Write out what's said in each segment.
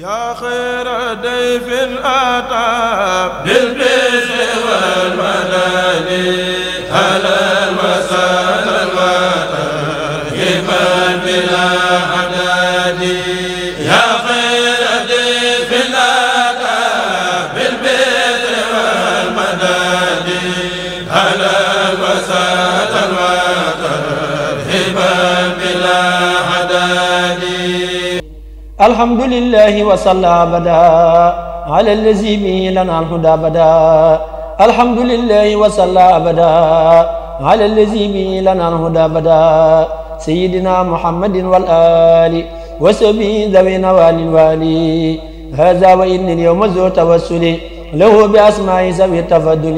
yaa xayra dayfin ataa bil birri wal madaadi الحمد لله وصلى أبدا على الذي به لنا الهدى أبدا الحمد لله وصلى أبدا على الذي به لنا الهدى أبدا سيدنا محمد والآل وسبي ذوي نوال الوالي هذا وإن اليوم ذو توسلي له بأسماء ذوي التفضل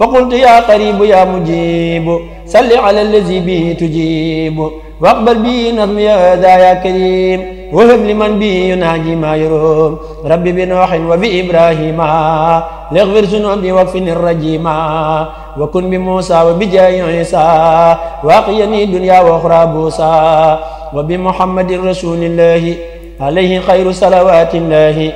فقلت يا قريب يا مجيب صل على الذي به تجيب واقبل به نظمي هذا يا كريم wahab li man bi yunaaji ma yurum rabbi bi nooxin wa bi ibrahima lexfir sunubi wakfini rajima wa kun bi muusa wa bi jaayi isa waaqiyani dunya wa uxra buusa wa bi muhammadin rasulillahi alayhi xayru salawatillahi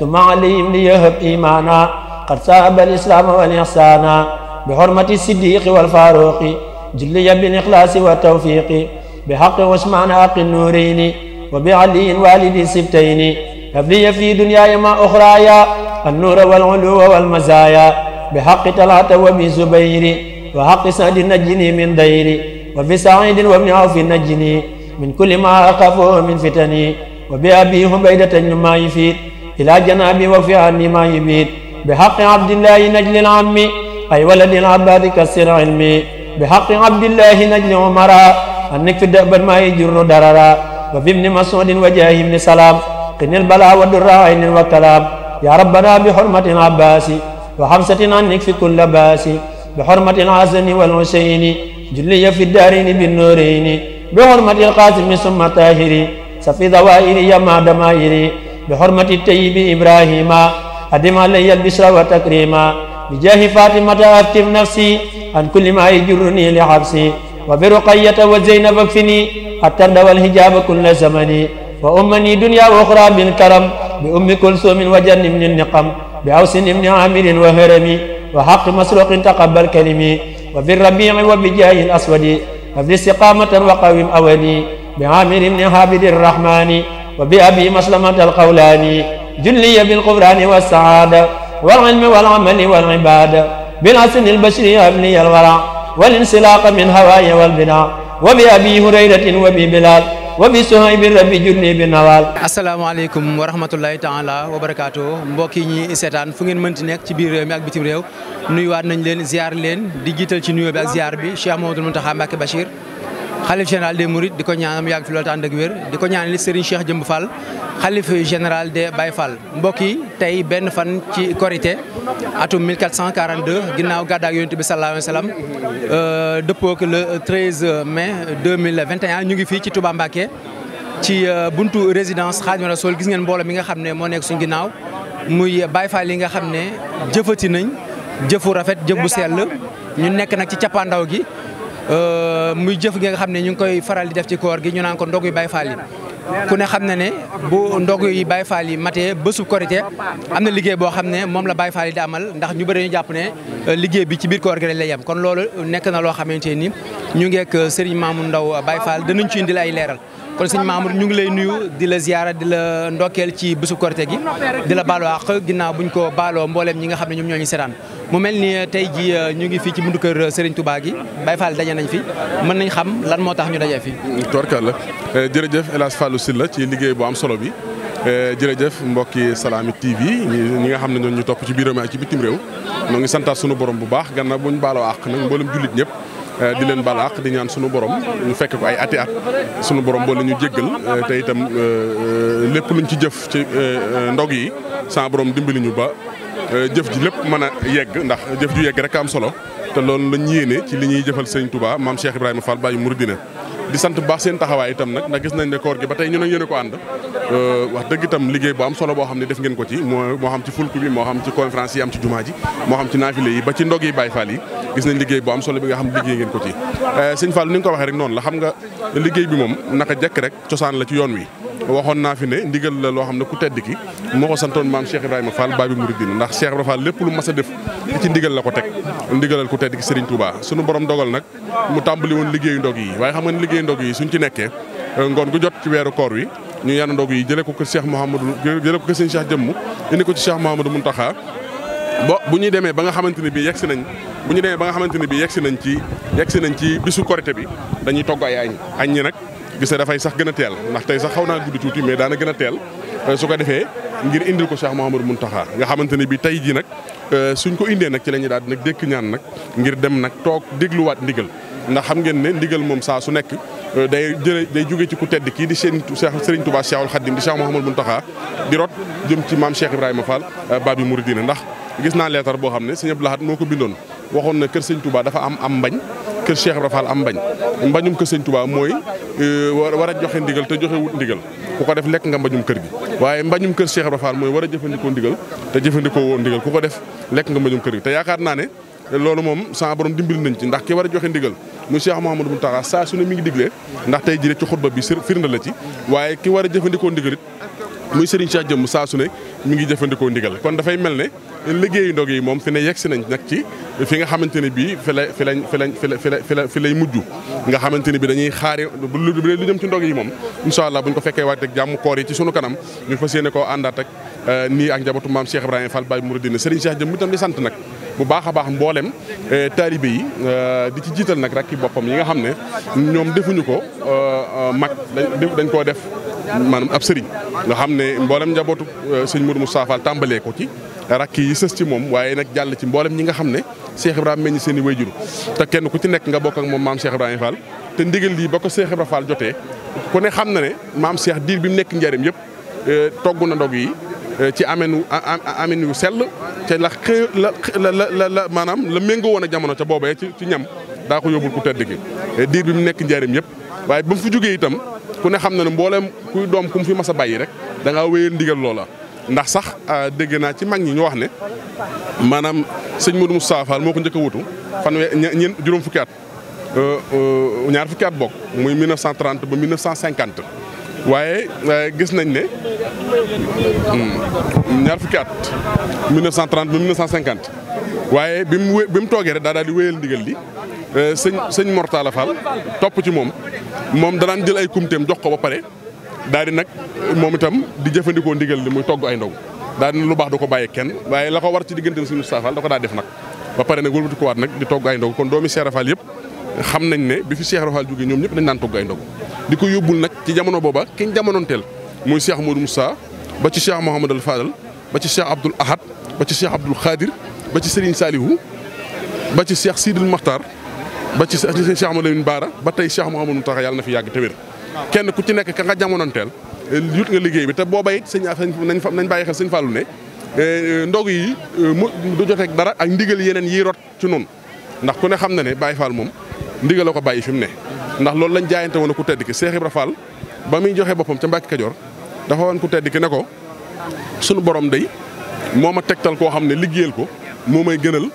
summa alayhim li yahab imana qad saaba alislaama wal ixsaana bi xormati siddiqi wal faaruqi julliya bil ixlaasi wa tawfiqi bi xaqi usmaan aqi nuurini وبعلي والد سبتين أبلي في دنياي ما أخرايا النور والعلو والمزايا بحق طلعت وبي زبير وحق سعد نجني من ديري وفي سعيد وابن عوف نجني من كل ما أخافه من فتني وبأبي هبيدة ما يفيد إلى جنابي وفي عني ما يبيد بحق عبد الله نجل العم أي ولد العباد كسر علمي بحق عبد الله نجل عمرا أنك في الدأب ما يجر دررا وفي ابن مسعود وجاه ابن سلام قن البلاء والدراء عين وكلام يا ربنا بحرمة العباس وحفصة عنك في كل باس بحرمة الحسن والحسين جلي في الدارين بالنورين بحرمة القاسم ثم طاهر سفي ذوائري يا ما دمائري بحرمة الطيب إبراهيم أدم علي البشرى وتكريما بجاه فاطمة أفتم نفسي عن كل ما يجرني لحبسي wa bi ruqayyata wa zeynab akfini hatta dawal hijaba kulla zamani wa ummani dunya wa ukhra bil karam bi ummi kulsumin wa janni min niqam bi awsin ibni amirin wa harami wa haqqi masruqin taqabbal kalimi wa bi rabi'i wa bi jahil aswadi wa bi istiqamatan wa qawim awadi bi amir ibni habidi rahmani wa bi abi maslamata alqawlani julliya bil qurani wa saada wal ilmi wal amali wal ibada bil asni al bashri abni al wara والانسلاق من هواي والبناء وبأبي هريرة وبي بلال وبسهيب الرب julli bi nawaal asalaamaaleykum wa rahmatullahi taala wa barakaatu mbokk yi ñi seetaan fu ngeen mënti nekk ci biir réew mi ak bitim réew nuyuwaat nañ leen ziar leen di jiital ci nuyoo bi ak ziar bi Cheikh Mamadou Mountakha Mbacké Bachir xalif général des murit di ko ñaanam yàgg fi loolu te ànd ak wér di ko ñaanal Serigne Cheikh Jëmb Fall xalif général de Baye Fall mbokk yi tey benn fan ci korité atum 1442 ginnaaw gàddaak yonent bi sallallahu alayhi wa sallam euh, dëppoo ak le 13 mai 2021 ñu ngi fii ci Touba Mbacké ci euh, buntu résidence Khadimou Rassoul gis ngeen mboolo mi nga xam ne moo nekk suñu ginnaaw muy Baye Fall yi nga xam ne jëfati nañ jëfu rafet jëf bu sell ñu nekk nag ci cappaandaw gi Euh, muy jëf gi nga xam ne ñu ngi koy faral di def ci koor gi ñu naan ko ndog yu Baay Faal yi ku ne xam na ne bu ndog yi bay Faal yi matee bésub korité am na liggéey boo xam ne moom la Baay Faal yi di amal ndax ñu bëri ñu jàpp ne euh, liggéey bi ci biir koor gi lañ lay yem kon loolu nekk na loo xamante ni ñu ngi ak euh, Serigne Mamour Ndaw bay Faal danañ ci indil ay leeral kon sëñ Mamour ñu ngi lay nuyu di la ziyaara di la ndokkeel ci bésub korité gi di la baaloo àq ginnaaw buñ ko baaloo mbooleem ñi nga xam ne ñoom ñoo ñu seetaan mu mel ni tey ji euh, ñu ngi fii ci buntu kër euh, Serigne Touba yi Baye Fall daje nañ fi mën nañ xam lan moo tax ñu dajee fi. Mm, tubarkalla euh, jërëjëf El Hadj si la ci liggéey bu am solo bi jërëjëf mbokki Salaami TV ñi nga xam ne ñoom ñu topp ci biir ak ci bitim réew moo ngi santaat sunu borom bu baax gannaaw bu ñu baaloo àq nag mboolem jullit ñëpp. di leen baal àq di ñaan sunu borom ñu fekk ko ay ati at sunu borom boole ñu jéggal te itam lépp luñ ci jëf ci ndog yi sans dimbali ñu ba Euh, jëf ji lépp mën a yegg ndax jëf ju yegg rek am solo te loolu lañ yéene ci li ñuy jëfal sëñ Touba maam Cheikh Ibrahima Fall Baye na di sant baax seen taxawaay itam nag ndax gis nañ ne koor gi ba tey ñu ne yéen ko ànd euh, wax dëgg itam liggéey bu am solo boo xam ne def ngeen ko ci moo moo xam ci fulku bi moo xam ci conférence yi am ci jumaa ji moo xam ci naafile yi ba ci ndog yi Baye yi gis nañ liggéey bu am solo bi nga xam liggéey ngeen ko ci euh, sëñ Fall ni ko waxee rek noonu la xam nga liggéey bi moom naka jekk rek cosaan la ci yoon wi waxoon naa fi ne ndigal la loo xam ne ku tedd ki moo ko santoon maam Cheikh Ibrahima Fall Babi Mouridine ndax Cheikh Ibrahima Fall lépp lu mas a def ci ndigal la ko teg ndigalal ku tedd ki Serigne Touba sunu borom dogal nag mu tàmbali woon liggéeyu ndog yi waaye xam nga ne liggéeyu ndog yi suñ ci nekkee euh, ngoon gu jot ci weeru koor wi ñu yan ndog yi jëlee ko kër Cheikh Mouhamadou jële ko kër Serigne Cheikh jëmm indi ko ci Cheikh Mouhamadou Mountakha bo bu ñu demee ba nga xamante ne bii yegsi nañ bu ñu ba nga xamante ne bii yegsi nañ ci yegsi nañ ci bisu korité bi dañuy togg ay añ ñi nag gis na dafay sax gën a teel ndax tey sax xaw naa guddi tuuti mais daana gën a teel euh, su ko defee ngir indil ko Cheikh Mouhamadou taxaa nga xamante ne bi tey jii nag euh, suñ ko indee nag ci la ñuy daal di nag dékk ñaan nag ngir dem nag toog dégluwaat ndigal ndax xam ngeen ne ndigal moom saa su nekk euh, day jële day jóge ci ku tedd kii di seen Serigne Touba Cheikhul Khadim di Cheikh Mouhamadou Mountakha di rot jëm ci maam Cheikh Ibrahima Fall Babi Mouridina ndax gis naa leetar boo xam ne Serigne Abdou Lahad moo ko bindoon waxoon na kër Serigne Touba dafa am am mbañ kër Cheikh Ibra Fall am mbañ mbañum kër Sëñ Touba mooy e, war a joxe ndigal te joxe wut ndigal ku ko def lekk nga mbañum kër gi waaye mbañum kër Cheikh Ibra mooy war a jëfandikoo ndigal te jëfandikoo woo ndigal ku ko def lekk nga mbañum kër gi te yaakaar naa ne loolu moom sama borom nañ ci ndax ki war a joxe ndigal mu Cheikh Mouhamadou Mountakha saa su ne mi ngi digle ndax tey jii rek ci xutba bi firnde la ci waaye ki war a jëfandikoo ndigal it muy Serigne Cheikh jëmm saa sune ne ngi jëfandikoo ndigal kon dafay mel ne liggéeyu ndog yi moom fi ne yegg si nañ nag ci fi nga xamante ne bii fi la lañ lañ fi la fi fi lay mujj nga xamante ne bi dañuy xaari lu lu jëm ci ndog yi moom incha allah buñ ko fekkee waat ak jàmm koor yi ci sunu kanam ñu fas yéene koo àndaat ak euh, nii ak njabootu maam Cheikh Ibrahima Fall Baye Mouridine Serigne Cheikh jëm itam sant nag bu baax a baax mboolem euh, taalibe yi euh, di ci jiital nag rakki boppam yi nga xam ne ñoom defuñu ko mag dañ koo def maanaam ab sëriñ nga xam ne mboolem njabootu sëñ Mourou Moustapha tàmbalee ko ci rakk yi sës ci moom waaye nag jàll ci mbooleem ñi nga xam ne Cheikh Ibrahima meññ seeni i wayjur te kenn ku ci nekk nga bokk ak moom maam Cheikh Ibrahima Fall te ndigal lii ba ko Cheikh Ibrahima Fall jotee ku ne xam na ne maam Cheikh diir bi mu nekk njariñ yëpp eh, togg na ndog yi eh, ci amenu amen yu sell te la la la la maanaam la méngoo woon ak jamono ca boobee ci ci ñam daa ko yóbbul ku tedd ki eh, diir bi mu nekk njariñ yëpp waaye ba mu fi jógee itam ku ne xam na ne mboolem kuy doom ku mu fi mas a bàyyi rek da ngaa wéyal ndigal loola ndax sax euh, dégg naa ci mag ñi ñu wax ne maanaam sëñ Modou Moustapha Fall moo ko njëkk a wutu fanweer ñeent juróom fukki at euh, euh, ñaar fukki at bokk muy 1930 ba 1950 waaye gis nañ ne hmm, ñaar fukki at 1930 ba 1950 waaye bi mu bi mu toogee rek daa daal di wéyal ndigal li sëñ sëñ Mortala Fall topp ci moom moom danaan jël ay kumteem jox ko ba pare. daal di nag moom itam di jëfandikoo ndigal li muy togg ay ndaw daal di lu baax da ko bàyyi kenn waaye la ko war ci diggante suñu saafal da ko daa def nag ba pare nag wëlbati ko waat nag di togg ay ndaw kon doomi Cheikh Rafal yëpp xam nañ ne bi fi Cheikh Rafal jógee ñoom ñëpp dañ naan togg ay ndaw di ko yóbbul nag ci jamono booba kiñ jamonoonteel muy Cheikh Modou Moussa ba ci Cheikh Mouhamadou Fadal ba ci Cheikh Abdoul Ahad ba ci Cheikh Abdoul Khadir ba ci Serigne Salihu ba ci Cheikh Sidil Makhtar ba ci Cheikh Amadou Lamine Bara ba tey Cheikh Mouhamadou Mountakha yàlla na fi yàgg kenn ku ci nekk ka nga jamonoonteel eh, yut nga liggéey bi te booba it sëñ nañ bàyyi xel sëñ Fallou ne eh, ndog yi eh, mu du joteeg dara ak ndigal yeneen yiy rot ci noonu ndax ku ne xam na ne Baye Fall moom ndigal ko bàyyi fi mu ne ndax loolu lañ jaayante woon ku tedd ki Cheikh Ibra Fall ba muy joxe boppam ca Mbàkke Kajoor dafa woon ku tedd ki ne ko sunu borom day moo ma tegtal koo xam ne liggéeyal ko moo may gënal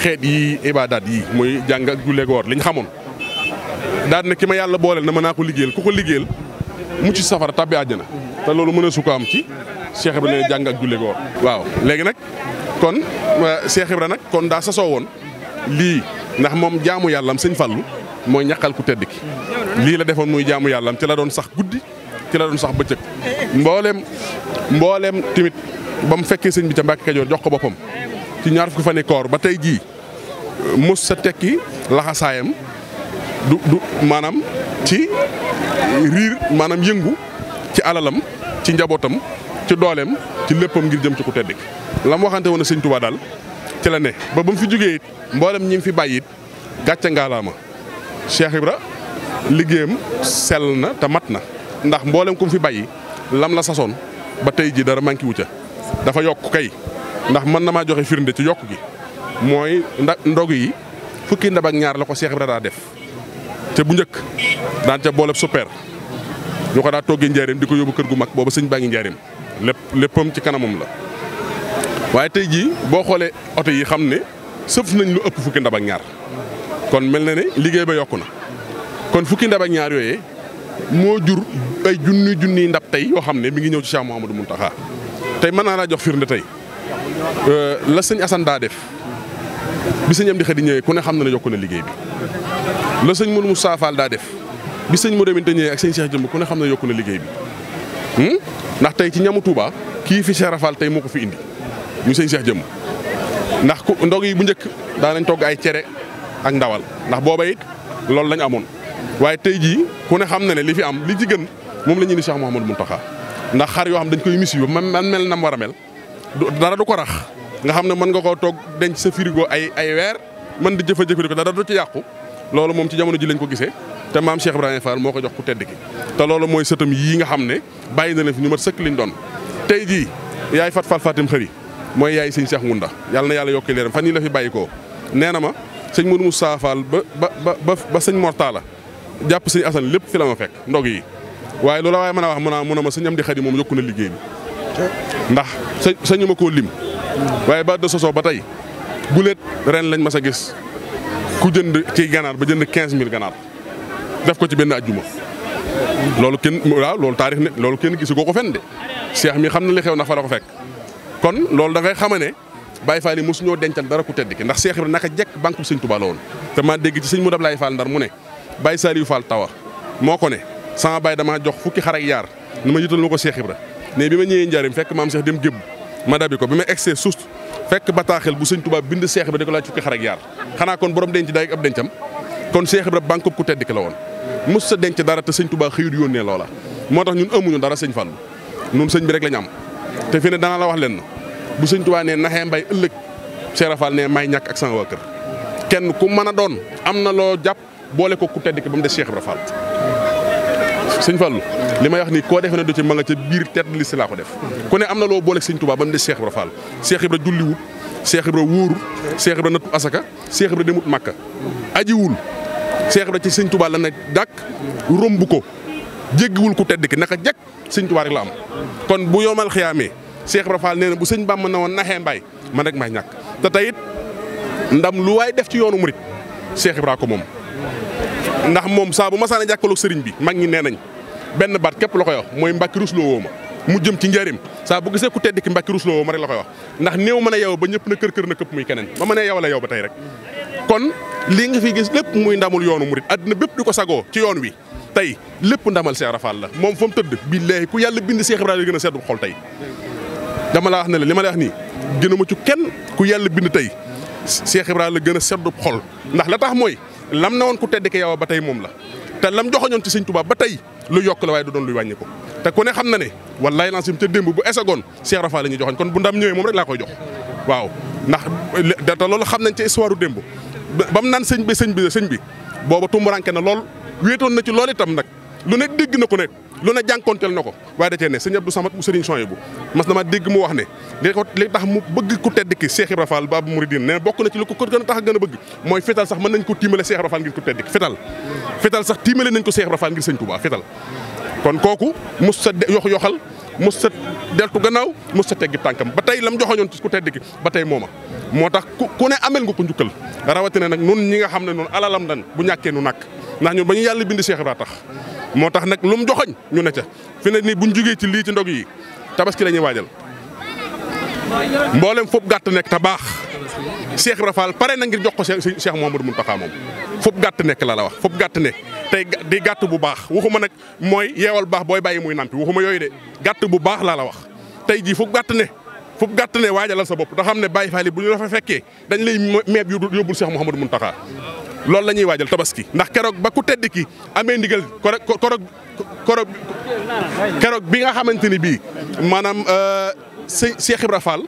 xeet yi ibaadaat yi muy jàng ak julleeg woor liñ xamoon daal ne ki ma yàlla booleel na mën naa ko liggéeyal ku ko mu ci safara tàbbi àjjana te loolu mën a su ko am ci Cheikh Ibra la jàng ak julli goor waaw léegi nag kon euh, Cheikh Ibra nag kon daa sasoo woon lii ndax moom jaamu yàllam sëñ Fallu mooy ñaqal ku tedd ki lii la defoon muy jaamu yàllam ci la doon sax guddi ci la doon sax bëccëg mbooleem mbooleem tamit ba mu fekkee sëñ bi ca Mbàkke Kajoor jox ko boppam ci ñaar fukki fan koor ba tey jii mos sa tekki laxasaayam du du maanaam ci riir maanaam yëngu ci alalam ci njabootam ci dooleem ci léppam ngir jëm ci ku tedd ki la mu waxante woon sëñ Tuubaa daal ci la ne ba ba mu fi jógee mbooleem mboolem ngi fi bàyyi it gàcce ngaalaama Cheikh Ibra liggéeyam sel na te mat na ndax mboolem ku mu fi bàyyi lam la sasoon ba tey ji dara manqué wu ca dafa yokk kay ndax mën na maa joxe firnde ci yokk gi mooy nda ndog yi fukki ndab ak ñaar la ko Cheikh Ibra daa def te bu njëkk daan ca booleb super ñu ko daa toggee njaareem di ko yóbbu kër gu mag booba sëñ baa ngi njaareem lépp léppam ci kanamam la. waaye tey jii boo xoolee oto yi xam ne sëf nañ lu ëpp fukki ndab ak ñaar kon mel na ne liggéey ba yokku na kon fukki ndab ak ñaar yooyee moo jur ay junni junni ndab tey yoo xam ne mi ngi ñëw ci Cheikh Mouhamadou Mountakha tey mën naa laa jox firnde tey euh, la sëñ Assane daa def bi sëñ am di xëy ñëwee ku ne xam na ne yokku na liggéey bi. lool sëñ Modou Moustapha Fall daa def bi sëñ Modou Aminta ñëwee ak sëñ Cheikh Jëmb ku ne xam ne yokku na liggéey bi hmm? ndax tey ci ñamu Touba kii fi Cheikh Rafal tey moo ko fi indi ñu sëñ Cheikh Jëmb ndax ku ndog yi bu njëkk daa nañ togg ay cere ak ndawal ndax booba it loolu lañ amoon waaye tey jii ku ne xam na ne li fi am li ci gën moom la moo indi Cheikh Mouhamadou Mountakha ndax xar yoo xam dañ koy misi yu man mel nam war a mel dara du ko rax nga xam ne mën nga koo toog denc sa frigo ay ay mën di jëfa jëfandikoo dara du ci yàqu loolu moom ci jamono ji lañ ko gisee te maam Cheikh Ibrahima Fall moo ko jox ku tedd ki te loolu mooy sëtam yii nga xam ne bàyyi na leen fi ñu mat sëkk liñ doon tey jii yaay fat fat fatim xëri mooy yaay sëñ Cheikh Ngunda yàlla na yàlla yokki leeram fan yi la fi bàyyi koo nee na ma sëñ Modou Moussa Fall ba ba ba ba sëñ Mortala jàpp sëñ Assane lépp fi la ma fekk ndog yi waaye loolu waaye mën a wax mu a mu ne ma sëñ Amdi Xadi moom yokku na liggéey bi ndax sëñu ma koo lim waaye ba ba tey guléet ren lañ mas a gis ku jënd ci ganaar ba jënd 15000 ganaar def ko ci benn ajjuma loolu kenn waaw loolu taarix ne loolu kenn gisu ko ko fen de seex mi xam na li xew na fa ko fekk kon loolu da ngay xama ne Baye Fall yi mosu ñoo dencal dara ku tedd ki ndax Seex Ibra ndax jekk banque bu sëñ Tuubaa la woon te maa dégg ci sëñ mu dab Laay Fall ndar mu ne Baye Saliou Fall tawa moo ko ne sama baay damaa jox fukki xar ak yaar na ma jiital ko Seex Ibra ne bi ma ñëwee njaarim fekk maam Seex dem fekk bataaxel bu sëñ tubaab bind Seex Ibra di ko laaj fukki xar ak yaar xanaa kon borom denc daay ab dencam kon Seex Ibra bànkob ku tedd ki la woon mos sa denc dara te sëñ Tuubaa xëyut yónnee loola moo tax ñun amuñu dara sëñ Fallu ñun sëñ bi rek la ñu am te fi ne danaa la wax leen bu sëñ Tuubaa ne naxee mbay ëllëg Seera Fall ne may ñàkk ak sama waa kër kenn ku mën a doon am na loo jàpp boole ko ku tedd ki ba mu de Seex Ibra sëñ Fallou li may wax ni koo defe ne du ci ca biir tedd li si laa ko def ku ne am na loo booleeg sëñ Touba ba mu des Cheikh Ibra Fall Cheikh Ibra julliwut Cheikh Ibra wóoru Cheikh Ibra nattu asaka Cheikh demut Makka ajiwul Cheikh Ibra ci sëñ Touba la ne dàkk romb ko jéggiwul ku tedd ki naka jekk sëñ Touba rek la am kon bu yomal xiyaamee Cheikh Ibra Fall nee na bu sëñ Bàmba na woon naxee mbaay man rek may ñàkk te tey it ndam lu waay def ci yoonu murit Cheikh Ibra moom ndax moom saa bu masaana jàkkaarloog sëriñ bi mag ñi nee nañ benn baat képp la koy mooy mbàkki rusloo woo ma mu jëm ci njëriñ saa bu gisee ku tedd ki mbàkki rusloo woo ma rek la koy wax ndax néew ma ne yow ba ñëpp na kër kër na këpp muy keneen ba ma yow la yow ba tey rek kon lii nga fi gis lépp muy ndamul yoonu murit àddina bépp di ko sagoo ci yoon wi tey lépp ndamal Cheikh rafaal la moom fa mu tëdd billaahi ku yàlla bind Cheikh Ibrahima gën a seddu xol tey dama la wax ne la li ma la wax nii gënuma ci kenn ku yàlla bind tey Cheikh Ibrahima la gën a seddu xol ndax la tax mooy lam na woon ku tedd ki yow ba tey moom la te lam joxoñoon ci sëñ tubaab ba tey lu yokk la waaye du doon luy wàññi te ku ne xam na ne wallaay lancim te démb bu esagoon Cheikh Rafa la ñuy joxoñ kon bu ndam ñëwee moom rek laa koy jox waaw ndax te loolu xam nañ ci histoire u démb ba mu naan sëñ bi sëñ bi sëñ bi booba tumuranke na lool wéetoon na ci lool itam nag lu ne dégg na ko ne lu ne jànkonteel na ko waaye da cee ne sëñ Abdou Samad bu sëriñ Soye bu mas dama dégg mu wax ne li ko li tax mu bëgg ku tedd ki Cheikh Ibra Fall Babu Mouridine ne bokk na ci lu ko gën a tax a gën a bëgg mooy fetal sax mën nañ ko tiimale Cheikh Ibra Fall ngir ku tedd ki fetal fetal sax tiimale nañ ko Cheikh Ibra Fall ngir sëñ Touba fetal kon kooku mos sa yox yoxal mos deltu gannaaw mos sa teggi tànkam ba tey lam joxoñoon ci ku tedd ki ba tey mooma moo tax ku ne amel nga ko njukkal rawatina nag ñi nga xam ne noonu alalam lan bu ñàkkee nu nàkk ndax ñun ba ñu yàlla bind Cheikh Ibra tax moo tax nag lu mu joxoñ ñu ne ca fi ne nii bu ñu jugee ci lii ci ndog yi tabaski la ñuy waajal mboolem foofu gàtt nekk te baax. Cheikh Rafal pare na ngir jox ko Cheikh Cheikh Mouhamadou Mountakha moom foofu gàtt nekk la la wax foofu gàtt nekk tey di gàtt bu baax waxuma nag mooy yeewal baax booy bàyyi muy nampi waxuma yooyu de gàtt bu baax laa la wax tey jii foofu gàtt ne. fu gàtt ne waajalal sa bopp te xam ne Baye Fall bu ñu la fa fekkee dañ lay meeb yóbbul Cheikh Mouhamadou Mountakha loolu la ñuy waajal tabaski ndax keroog ba ku tedd ki amee ndigal korog korog keroog bi nga xamante ni bii maanaam euh, Cheikh Ibra Fall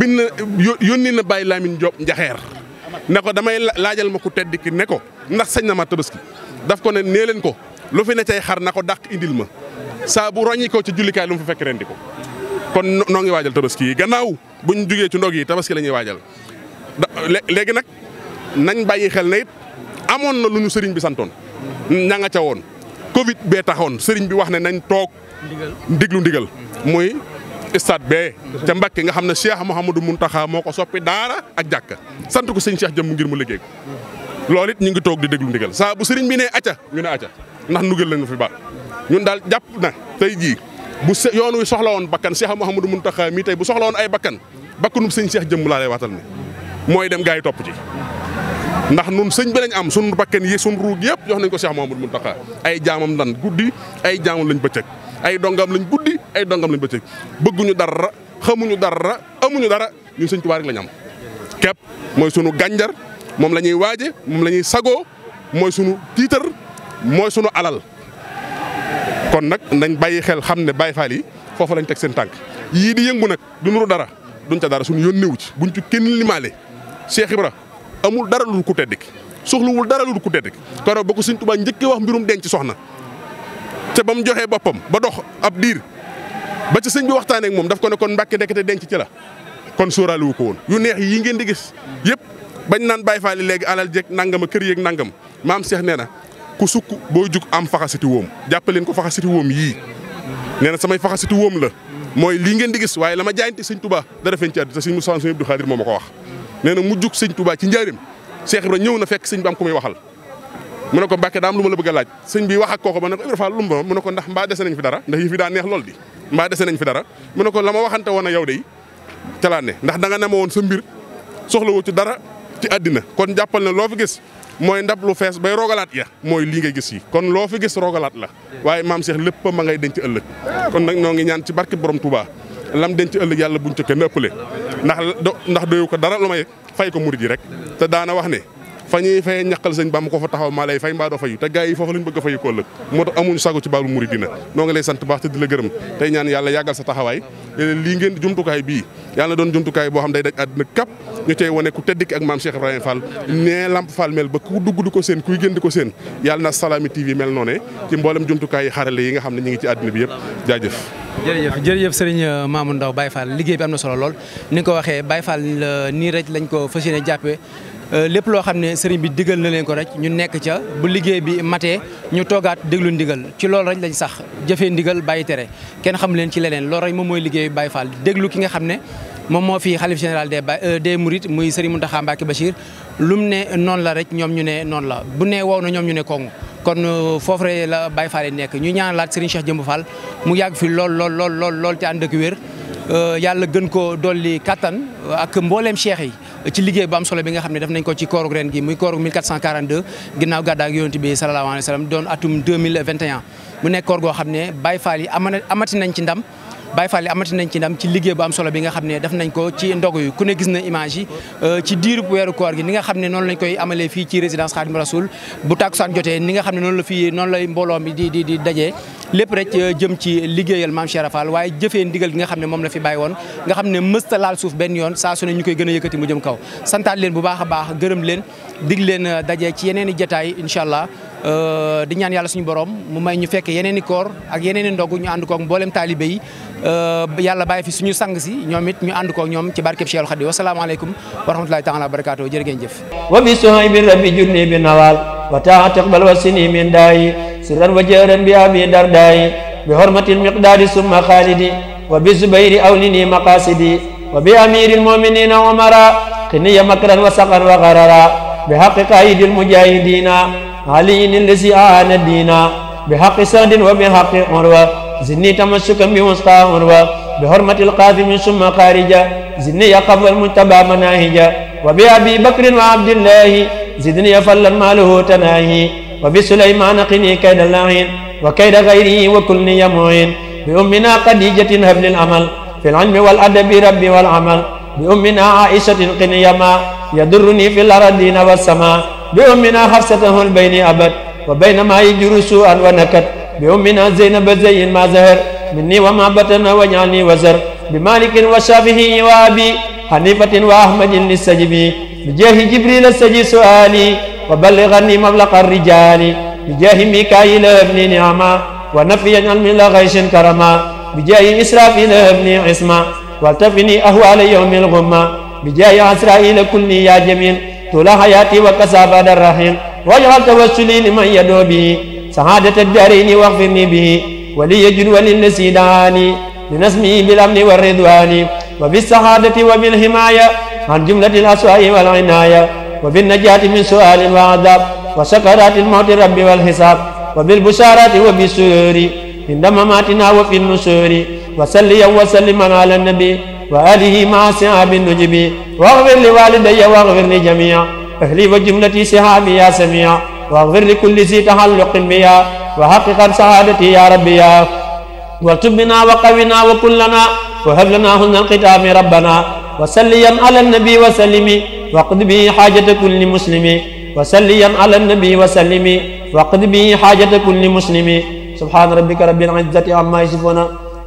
bind yónni na Baye Lamine Diop njaxeer ne ko damay laajal ma ku tedd ki ne ko ndax sañ na ma tabaski daf ko ne nee leen ko lu fi ne cay xar na ko dàq indil ma saa bu roñi ko ci jullikaay lu mu fi fekk ren di ko kon noo ngi waajal tabaski yi gannaaw buñ jugee ci ndog yi tabaski la ñuy waajal léegi nag nañ bàyyi xel ne it amoon na lu ñu sëriñ bi santoon ña nga ca woon Covid bee taxoon sëriñ bi wax ne nañ toog diglu ndigal muy stade bee ca Mbàkke nga xam ne Cheikh mun Mountakha moo ko soppi daara ak jàkka sant ko sëñ Cheikh jëm ngir mu liggéey ko loolu ñu ngi toog di déglu ndigal saa bu sëriñ bi ne acca ñu ne acca ndax nugal la ñu fi ba ñun daal jàpp na tey jii bu yoon wi soxla woon bakkan Cheikh Mouhamadou Mountakha mii tey bu soxla woon ay bakkan bakkanum sëñ Cheikh jëmm laa mooy dem gaa yi topp ndax nun sëñ bi lañ am sunu bakken yi sunu ruug yëpp jox nañ ko Cheikh Mouhamadou Mountakha ay jaamam lan guddi ay jaamam lañ bëccëg ay dongam lañ guddi ay dongam lañ bëccëg bëgguñu dara xamuñu dara amuñu dara ñun sëñ Tuubaa lañ am kepp mooy sunu gànjar moom la ñuy waaje moom lañuy ñuy sagoo mooy sunu tiitar mooy sunu alal kon nag nañ bàyyi xel xam ne Baay Faal yi foofu lañ teg seen tànk yii di yëngu nag du nuru dara duñ ca dara suñu yónneewu ci buñ ci kenn limaale Cheikh ra amul dara lu ku tedd ki soxluwul dara lu ku tedd ki keroog ba ko Sëñ Tuubaa njëkk wax mbirum denc soxna te ba mu joxee boppam ba dox ab diir ba ci sëñ bi waxtaanee moom daf ko ne kon mbàkke ndekete denc ci la kon sóoraale wu ko woon yu neex yi ngeen di gis yëpp bañ naan Baay Faal léegi alal jeeg nangam a kër yeeg nangam maam Cheikh nee na ku sukk boo jug am faxasiti woom jàppaleen ko faxasiti woom yii nee na samay faxasiti woom la mooy lii ngeen di gis waaye la ma jaayante sëñ Tuubaa dara feeñ ci àdduna sëñ Moussa moo ma ko wax nee na mujjug sëñ Touba ci njaarim Cheikh na ñëw na fekk sëñ bi am ku waxal mu na ko Mbàkke daa am lu ma la bëgg laaj sëñ bi wax ak kooko ba ne ko Ibra Fall lu mu ne ko ndax mbaa dese nañ fi dara ndax yëf yi daa neex lool di mbaa dese nañ fi dara mu ne ko la ma waxante woon a yow de ca laa ne ndax da nga ne ma woon sa mbir soxlawoo ci dara ci àddina kon jàppal ne loo fi gis mooy ndab lu fees bay roogalaat ya mooy lii ngay gis yi kon loo fi gis rogalaat la waaye maam Cheikh lépp ma ngay denc ëllëg kon nag ñoo ngi ñaan ci barke borom Touba lam denc ëllëg buñ ca kenn ëppale ndax do ndax doyu ko dara lu may fay ko murid yi rek te daana wax ne fa ñuy fay ñaqal sëñ Bamba ko fa taxaw maa lay fay mbaa doo fayu te gars yi foofu lañ bëgg a fayu ko ëllëg moo tax amuñu sago ci baalu murid dina noo lay sant baax te di la gërëm tey ñaan yàlla yàggal sa taxawaay lii ngeen jumtukaay bii yàlla doon jumtukaay boo xam day daj àddina kap ñu cey wane ku tedd ki ak maam Cheikh Ibrahima Fall nee Lamp Fall mel ba ku dugg di ko seen kuy gën di ko seen yàlla na Assalaamy TV mel noonee ci mboolem jumtukaay yi xarale yi nga xam ne ñu ngi ci yëpp jaajëf jërëjëf jërëjëf sëriñ euh, maamu Ndaw Baye Fall liggéey bi am na solo lool ni nga ko waxee Baye Fall euh, nii rek lañ ko fas yéene jàppee euh, lépp loo xam ne sëriñ bi digal na leen ko rek ñu nekk ca bu liggéey bi matee ñu toogaat déglu ndigal ci loolu rek lañ sax jëfee ndigal bàyyi tere kenn xam leen ci leneen loolu rek moom mooy liggéey Baye Fall déglu ki nga xam ne moom moo fi xalif général des ba euh, des Mourides muy Serigne Mountakha Mbacké Bachir lu ne noonu la rek ñoom ñu ne noonu la bu ne wow na ñoom ñu ne kongu kon euh, foofu rek la bay Fall nekk ñu ñaan ñaanalaat Serigne Cheikh Jëmb Fall mu yàgg fi lool lool lool lool lool te ànd ak wér euh, yàlla gën koo dolli kattan ak mbooleem cheikh yi ci liggéey bu am solo bi nga xam ne def nañ ko ci koorug ren gi muy koorug 1442 ginnaaw gàddaa ak yonent bi sallallahu alayhi wa sallam doon atum 2021 mu nekk koor xam ne Baye Fall yi amati nañ ci ndam Baye Fall amati nañ ci ndam ci liggéey bu am solo bi nga xam ne def nañ ko ci ndogu yu ku ne gis na image euh, ci diiru weeru koor gi ni nga xam ne noonu lañ koy amalee fii ci résidence Khadim Rasoul bu tàkkusaan jotee ni nga xam ne noonu la fii noonu lay mbooloo mi di di di dajee lépp rek euh, jëm ci liggéeyal maam Cheikh Rafal waaye ndigal gi nga xam ne moom la fi bàyyi woon nga xam ne mësta laal suuf benn yoon saa su ne ñu koy gën a yëkkati mu jëm kaw santaat leen bu baax a baax gërëm leen dig leen euh, dajee ci yeneen i jataay incha allah di ñaan yàlla suñu borom mu may ñu fekk yeneen i koor ak yeneen i ndog ñu ànd koog mboolem taalibe yi Euh, yàlla bàyyi fi suñu sang si ñoom it ñu ànd ko ñoom ci barkeb Cheikhul Khadim wasalaamaaleykum wa rahmatulahi taala wa barakaatu jërë ngeen jëf wa bi sohibi rabbi junni bi nawal wa taataqbal wa sini min daayi sirran wa jëran bi abi dardaayi bi hormatil miqdaadi summa xaalidi wa bi zubayri awlini maqasidi wa bi amiril muminina umara qiniya makran wa saqan wa garara bi haqqi qaidil mujahidina aliyin allasi aana diina bi haqqi sahdin wa bi haqqi زدني تمسكا بوسطى عروة بحرمة القاسم ثم خارجا زدني يقف المجتبى مناهجا وبأبي بكر وعبد الله زدني فلا ماله تناهي وبسليمان قني كيد اللاهين وكيد غيره وكلني معين بأمنا خديجة هب الأمل في العلم والأدب ربي والعمل بأمنا عائشة قني ما يضرني في الأرضين والسماء بأمنا حفصة البين أبد وبينما يجر سوءا ونكت بأمنا زينب زين ما زهر مني وما بطن وجعلني وزر بمالك وشافعي وأبي حنيفة وأحمد للسجبي بجاه جبريل السجي سؤالي وبلغني مبلغ الرجال بجاه ميكائيل ابني نعما ونفيا علم لغيش كرما بجاه إسرافيل ابني عصما والتفني أهوال يوم الغمة بجاه عسرائيل كلني يا جميل طول حياتي وكسابة الرحيم واجعل توسلي لمن يدعو به saxaadata daarayni waxfir ni bihi waliyajun walilasi daani li nasmi bil amni wa ridwani wa bi saxaadati wa bil himaaya an jumlati al aswaai wal inaaya wa bin najaati min suaalin wa adab wa sakaraati al mawti rabbi wal hisaab wa bil bushaaraati wa bi sururi inda mamaatina wa fi nusuri wa salliyan wa salliman ala nabi wa alihi maa sihaabi nujibi waxfir li walidayya waxfir li jamia ahli wa jumlati sihaabi ya samia واغفر لكل ذي تعلق بيا وحقق سعادتي يا ربي يا واكتب بنا وقونا وكلنا وهب لنا حسن الختام ربنا وسليا على النبي وسلم واقض به حاجة كل مسلم وسليا على النبي وسلم واقض به حاجة كل مسلم سبحان ربك رب العزة عما يصفون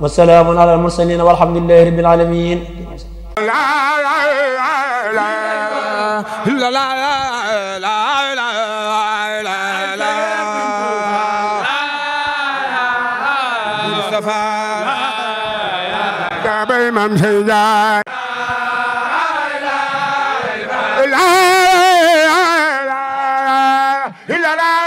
والسلام على المرسلين والحمد لله رب العالمين لا لا لا لا لا maam Seydaan Ibadah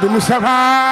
Modou Moustapha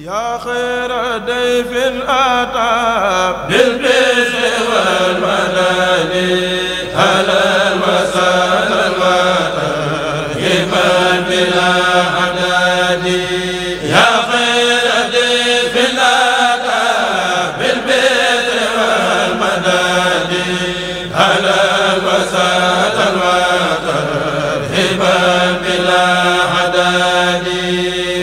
يا خير ضيف أتى بالبيت والمداني